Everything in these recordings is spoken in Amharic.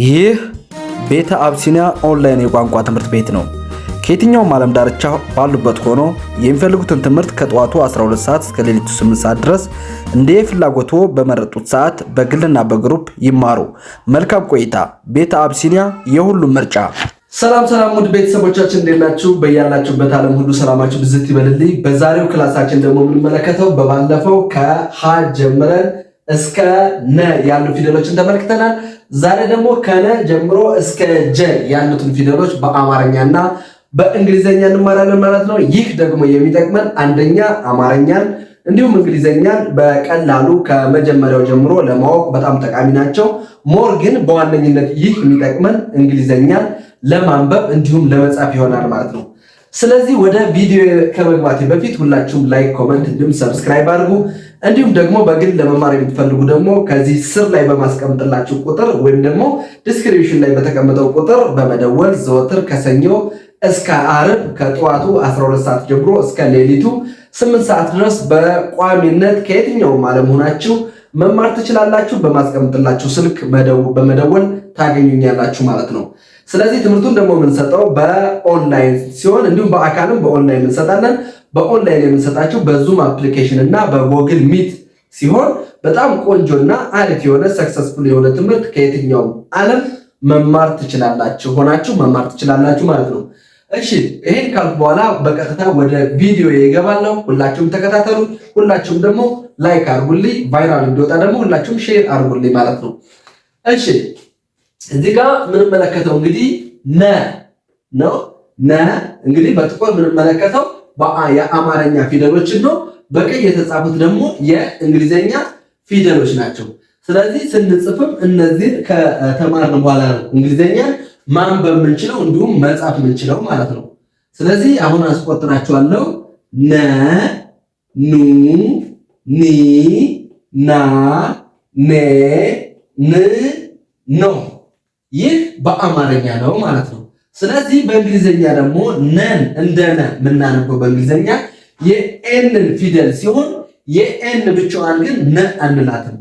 ይህ ቤተ አብሲኒያ ኦንላይን የቋንቋ ትምህርት ቤት ነው። ከየትኛውም ዓለም ዳርቻ ባሉበት ሆኖ የሚፈልጉትን ትምህርት ከጠዋቱ 12 ሰዓት እስከ ሌሊቱ 8 ሰዓት ድረስ እንደ ፍላጎቶ በመረጡት ሰዓት በግልና በግሩፕ ይማሩ። መልካም ቆይታ። ቤተ አብሲኒያ የሁሉም ምርጫ። ሰላም ሰላም፣ ውድ ቤተሰቦቻችን እንዴት ናችሁ? በያላችሁበት ዓለም ሁሉ ሰላማችሁ ብዝት ይበልልኝ። በዛሬው ክላሳችን ደግሞ የምንመለከተው በባለፈው ከሀ ጀምረን እስከ ነ ያሉ ፊደሎችን ተመልክተናል። ዛሬ ደግሞ ከነ ጀምሮ እስከ ጀ ያሉትን ፊደሎች በአማርኛና በእንግሊዘኛ እንማራለን ማለት ነው። ይህ ደግሞ የሚጠቅመን አንደኛ አማርኛን እንዲሁም እንግሊዘኛን በቀላሉ ከመጀመሪያው ጀምሮ ለማወቅ በጣም ጠቃሚ ናቸው። ሞር ግን በዋነኝነት ይህ የሚጠቅመን እንግሊዘኛን ለማንበብ እንዲሁም ለመጻፍ ይሆናል ማለት ነው። ስለዚህ ወደ ቪዲዮ ከመግባቴ በፊት ሁላችሁም ላይክ፣ ኮመንት እንዲሁም ሰብስክራይብ አድርጉ። እንዲሁም ደግሞ በግል ለመማር የምትፈልጉ ደግሞ ከዚህ ስር ላይ በማስቀምጥላችሁ ቁጥር ወይም ደግሞ ዲስክሪፕሽን ላይ በተቀመጠው ቁጥር በመደወል ዘወትር ከሰኞ እስከ አርብ ከጠዋቱ 12 ሰዓት ጀምሮ እስከ ሌሊቱ 8 ሰዓት ድረስ በቋሚነት ከየትኛውም ዓለም ሆናችሁ መማር ትችላላችሁ። በማስቀምጥላችሁ ስልክ በመደወል ታገኙኛላችሁ ማለት ነው። ስለዚህ ትምህርቱን ደግሞ የምንሰጠው በኦንላይን ሲሆን እንዲሁም በአካልም በኦንላይን እንሰጣለን። በኦንላይን የምንሰጣቸው በዙም አፕሊኬሽን እና በጎግል ሚት ሲሆን በጣም ቆንጆና አሪፍ የሆነ ሰክሰስፉል የሆነ ትምህርት ከየትኛውም ዓለም መማር ትችላላችሁ ሆናችሁ መማር ትችላላችሁ ማለት ነው። እሺ ይሄን ካልኩ በኋላ በቀጥታ ወደ ቪዲዮ የገባለው። ሁላችሁም ተከታተሉ። ሁላችሁም ደግሞ ላይክ አርጉልኝ፣ ቫይራል እንዲወጣ ደግሞ ሁላችሁም ሼር አርጉልኝ ማለት ነው። እሺ እዚህ ጋ የምንመለከተው እንግዲህ ነ ነው ነ እንግዲህ በጥቁር ምንመለከተው? የአማርኛ ፊደሎች ነው። በቀይ የተጻፉት ደግሞ የእንግሊዝኛ ፊደሎች ናቸው። ስለዚህ ስንጽፍም እነዚህን ከተማርን በኋላ ነው እንግሊዝኛ ማንበብ የምንችለው እንዲሁም መጻፍ የምንችለው ማለት ነው። ስለዚህ አሁን አስቆጥራችኋለሁ። ነ ኑ ኒ ና ኔ ን ኖ ይህ በአማርኛ ነው ማለት ነው። ስለዚህ በእንግሊዘኛ ደግሞ ነን እንደ ነ የምናነበው በእንግሊዘኛ የኤንን ፊደል ሲሆን የኤን ብቻዋን ግን ነ አንላትም።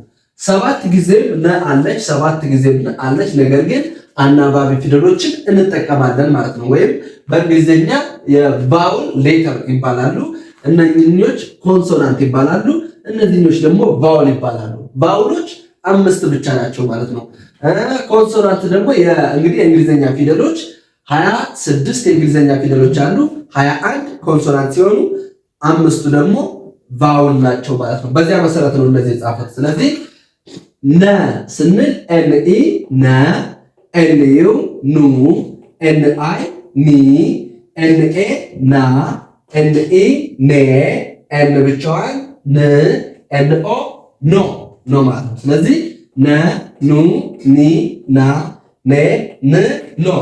ሰባት ጊዜም ነ አለች፣ ሰባት ጊዜም ነ አለች። ነገር ግን አናባቢ ፊደሎችን እንጠቀማለን ማለት ነው። ወይም በእንግሊዘኛ የቫውል ሌተር ይባላሉ። እነኞች ኮንሶናንት ይባላሉ። እነዚህኞች ደግሞ ቫውል ይባላሉ። ቫውሎች አምስት ብቻ ናቸው ማለት ነው። ኮንሶናንት ደግሞ እንግዲህ የእንግሊዝኛ ፊደሎች ሀያ ስድስት የእንግሊዝኛ ፊደሎች አሉ። ሀያ አንድ ኮንሶናንት ሲሆኑ አምስቱ ደግሞ ቫውል ናቸው ማለት ነው። በዚያ መሰረት ነው እነዚህ የጻፈት። ስለዚህ ነ ስንል ኤን ኢ ነ፣ ኤን ዩ ኑ፣ ኤን አይ ኒ፣ ኤን ኤ ና፣ ኤን ኢ ኔ፣ ኤን ብቻዋን ን፣ ኤን ኦ ኖ ኖ ማለት ነው። ስለዚህ ነ ኑ ኒ ና ኔ ን ኖ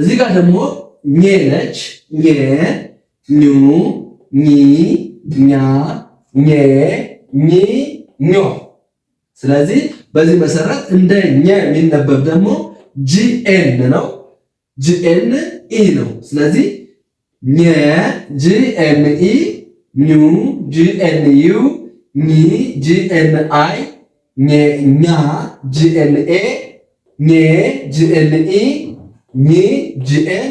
እዚህ ጋር ደግሞ ኘ ነች። ኘ ኙ ኚ ኛ ኘ ኚ ኞ። ስለዚህ በዚህ መሰረት እንደ ኘ የሚነበብ ደግሞ ጂኤን ነው። ጂኤን ኢ ነው። ስለዚህ ኘ ጂኤን ኢ ኙ ጂኤን ዩ ኚ ጂኤን አይ ኛ ጂኤን ኤ ኘ ጂኤን ኢ ሚ ጂኤን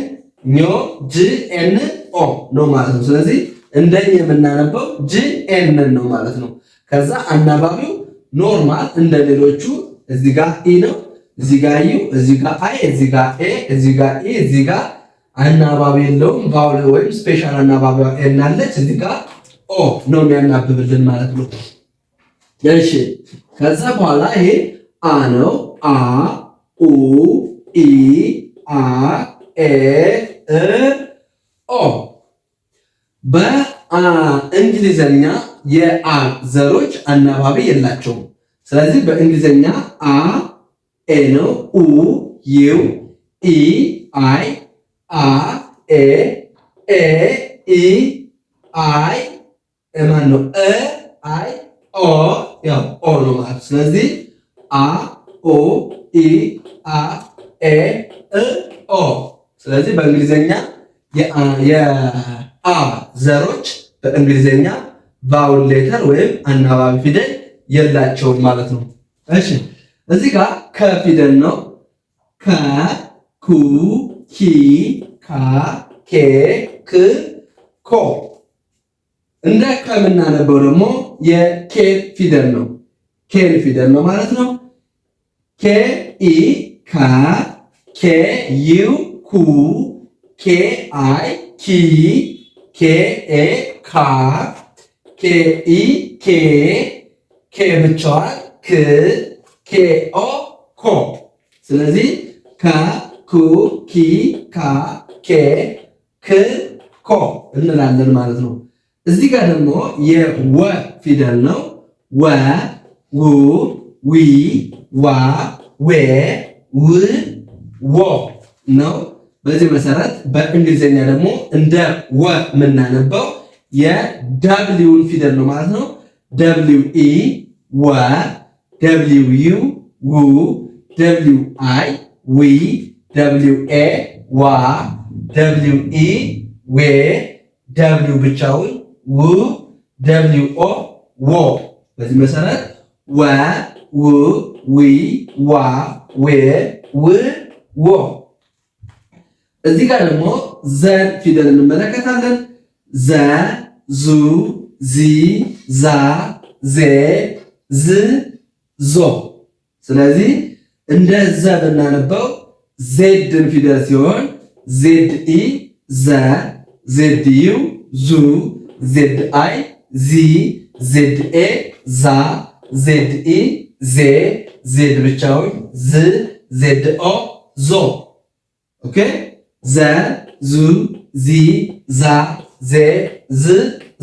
ኞ ጂኤን ኦ ነው ማለት ነው። ስለዚህ እንደኝ የምናነበው ጂኤንን ነው ማለት ነው። ከዛ አናባቢው ኖርማል እንደ ሌሎቹ እዚህ ጋር ኢ ነው፣ እዚህ ጋር ዩ፣ እዚህ ጋር አይ፣ እዚህ ጋር ኤ፣ እዚህ ጋር ኢ፣ እዚህ ጋር አናባቢ የለውም። ቫውል ወይም ስፔሻል አናባቢው ኤን አለች። እዚህ ጋር ኦ ነው የሚያናብብልን ማለት ነው። እሺ ከዛ በኋላ ይሄ አ ነው። አ ኡ ኢ E, አ ኤ እ ኦ በእንግሊዘኛ የአ ዘሮች አናባቢ የላቸውም። ስለዚህ በእንግሊዘኛ አ ኤ ነው። ኡ ዩ ኢ አይ አ ኤ ኤ ኢ አይ ማን ነው? እ አይ ኦ ያው ኦ ነው ማለት ስለዚህ አ ኦ ኢ አ ኤ እ ኦ። ስለዚህ በእንግሊዘኛ የአ ዘሮች በእንግሊዘኛ ቫውል ሌተር ወይም አናባቢ ፊደል የላቸውም ማለት ነው። እሺ እዚህ ጋር ከፊደል ነው ከ ኩ ኪ ካ ኬ ክ ኮ። እንደ ከምናነበው ደግሞ የኬ ፊደል ነው ኬ ፊደል ነው ማለት ነው። ኬ ኢ ካ ኬ ዩ ኩ ኬ አይ ኪ ኬ ኤ ካ ኬ ኢ ኬ ኬ ብቻዋ ክ ኬ ኦ ኮ። ስለዚህ ከ ኩ ኪ ካ ኬ ክ ኮ እንላለን ማለት ነው። እዚህ ጋር ደግሞ የወ ፊደል ነው። ወ ው ዊ ዋ ዌ ው ወ ነው። በዚህ መሰረት በእንግሊዝኛ ደግሞ እንደ ወ የምናነበው የደብሊውን ፊደል ነው ማለት ነው። ደብሊው ኢ ወ፣ ደብሊው ዩ ው፣ ደብሊው አይ ዊ፣ ደብሊው ኤ ዋ፣ ደብሊው ኢ ዌ፣ ደብሊው ብቻውን ው፣ ደብሊው ኦ ዎ። በዚህ መሰረት ወ፣ ው፣ ዊ፣ ዋ፣ ዌ፣ ው ወ እዚህ ጋር ደግሞ ዘን ፊደል እንመለከታለን። ዘ፣ ዙ፣ ዚ፣ ዛ፣ ዜ፣ ዝ፣ ዞ። ስለዚህ እንደ ዘ ብናነበው ዜድን ፊደል ሲሆን ዜድ ኢ፣ ዘ፣ ዜድ ዩ፣ ዙ፣ ዜድ አይ፣ ዚ፣ ዜድ ኤ፣ ዛ፣ ዜድ ኢ፣ ዜ፣ ዜድ ብቻውን፣ ዝ፣ ዜድ ኦ ዞ ኦኬ ዘ ዙ ዚ ዛ ዜ ዝ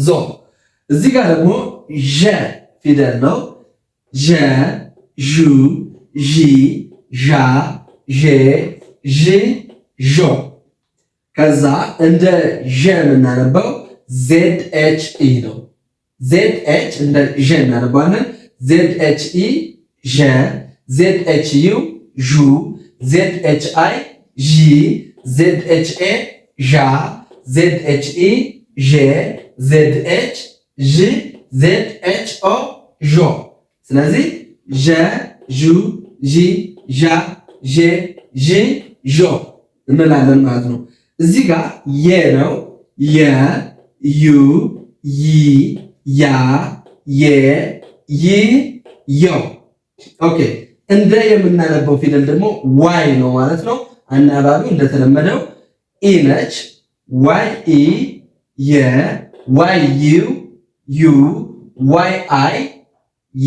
ዞ። እዚህ ጋር ደግሞ ዠ ፊደል ነው። ዠ ዡ ዢ ዣ ዤ ዥ ዦ። ከዛ እንደ ዠ የምናነበው ዜድ ኤች ኢ ነው። ዜድ ኤች እንደ ዠ እናነበዋለን። ዜድ ኤች ኢ ዠ ዜድ ኤች ዩ ዡ ዜድ ኤች አይ ዢ ዜድ ኤች ኤ ዣ ዜድ ኤች ኢ ዤ ዜድ ኤች ዥ ዜድ ኤች ኦ ዦ። ስለዚህ ዠ ዡ ዢ ዣ ዤ ዥ ዦ እንላለን ማለት ነው። እዚህ ጋር የ ነው የ ዩ ይ ያ የ ይ ዮ ኦኬ እንደ የምናነበው ፊደል ደግሞ ዋይ ነው ማለት ነው። አናባቢ እንደተለመደው ኢ ነች። ዋይ ኢ የ ዋይ ዩ ዩ ዋይ አይ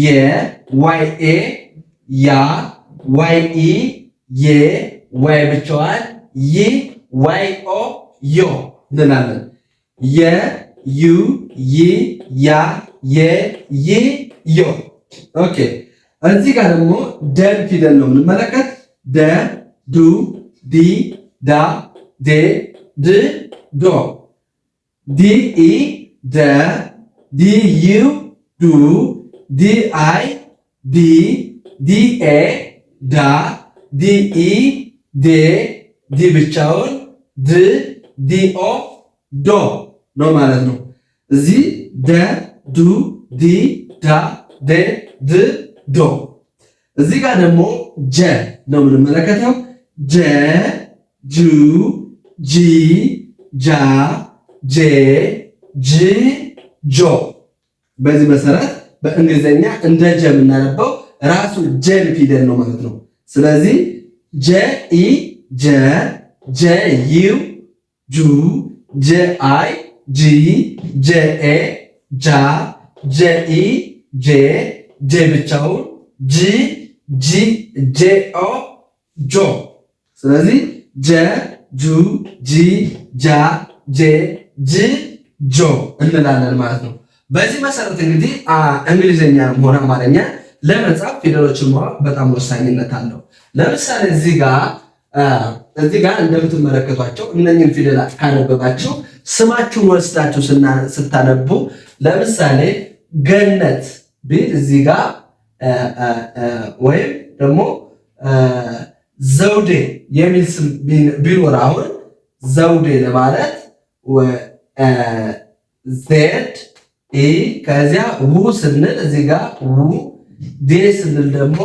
የ ዋይ ኤ ያ ዋይ ኢ የ ዋይ ብቻዋን ይ ዋይ ኦ ዮ እንላለን። የ ዩ ይ ያ የ ይ ዮ ኦኬ እዚህ ጋር ደግሞ ደን ፊደል ነው የምንመለከት። ደ ዱ ዲ ዳ ዴ ድ ዶ ዲ ኢ ደ ዲ ዩ ዱ ዲ አይ ዲ ዲ ኤ ዳ ዲ ኢ ዴ ዲ ብቻውን ድ ዲ ኦ ዶ ነው ማለት ነው። እዚህ ደ ዱ ዲ ዳ ዴ ድ ዶ እዚህ ጋር ደግሞ ጀ ነው የምንመለከተው። ጀ ጁ ጂ ጃ ጄ ጅ ጆ። በዚህ መሰረት በእንግሊዝኛ እንደ ጀ የምናነበው ራሱ ጀን ፊደል ነው ማለት ነው። ስለዚህ ጀ ኢ ጀ ጀ ዩ ጁ ጀ አይ ጂ ጀ ኤ ጃ ጀ ኢ ጄ ጄ ብቻውን ጂ ጂ ጄ ኦ ጆ። ስለዚህ ጀ ጁ ጂ ጃ ጄ ጅ ጆ እንላለን ማለት ነው። በዚህ መሰረት እንግዲህ እንግሊዝኛ ሆነ አማርኛ ለመጻፍ ፊደሎችን ማወቅ በጣም ወሳኝነት አለው። ለምሳሌ እዚህ ጋር እዚህ ጋር እንደምትመለከቷቸው እነኝን ፊደላት ካነበባችሁ ስማችሁን ወስዳችሁ ስታነቡ ለምሳሌ ገነት ቤት እዚህ ጋር ወይም ደግሞ ዘውዴ የሚል ስም ቢኖር አሁን ዘውዴ ለማለት ዜድ ኢ ከዚያ ው ስንል እዚህ ጋር ው ዴ ስንል ደግሞ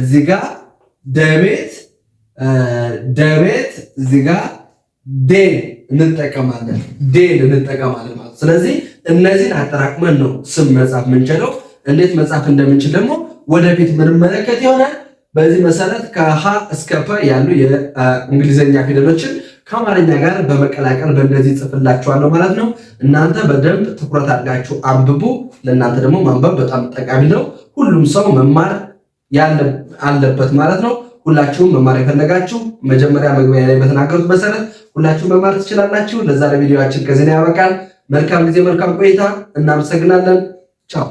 እዚህ ጋር ደቤት ደቤት እዚህ ጋር ዴ እንጠቀማለን ዴ እንጠቀማለን ማለት ስለዚህ እነዚህን አጠራቅመን ነው ስም መጻፍ የምንችለው። እንዴት መጻፍ እንደምንችል ደግሞ ወደፊት ምንመለከት ይሆናል። በዚህ መሰረት ከሀ እስከ ፐ ያሉ የእንግሊዝኛ ፊደሎችን ከአማርኛ ጋር በመቀላቀል በእንደዚህ ጽፍላችኋለሁ ማለት ነው። እናንተ በደንብ ትኩረት አድርጋችሁ አንብቡ። ለእናንተ ደግሞ ማንበብ በጣም ጠቃሚ ነው። ሁሉም ሰው መማር አለበት ማለት ነው። ሁላችሁም መማር የፈለጋችሁ መጀመሪያ መግቢያ ላይ በተናገሩት መሰረት ሁላችሁም መማር ትችላላችሁ። ለዛሬ ቪዲዮችን ከዚህ ያበቃል። መልካም ጊዜ፣ መልካም ቆይታ። እናመሰግናለን። ቻው